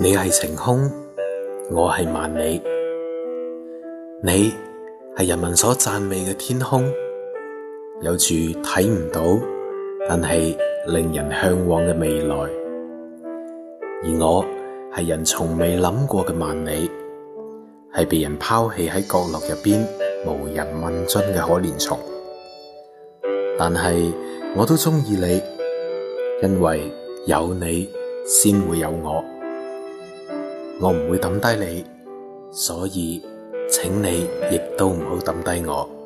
你係晴空，我係萬里。你係人民所讚美嘅天空，有住睇唔到，但係令人向往嘅未來。而我係人從未諗過嘅萬里，係被人拋棄喺角落入邊，無人問津嘅可憐蟲。但係我都鍾意你，因為有你先會有我。我唔會抌低你，所以請你亦都唔好抌低我。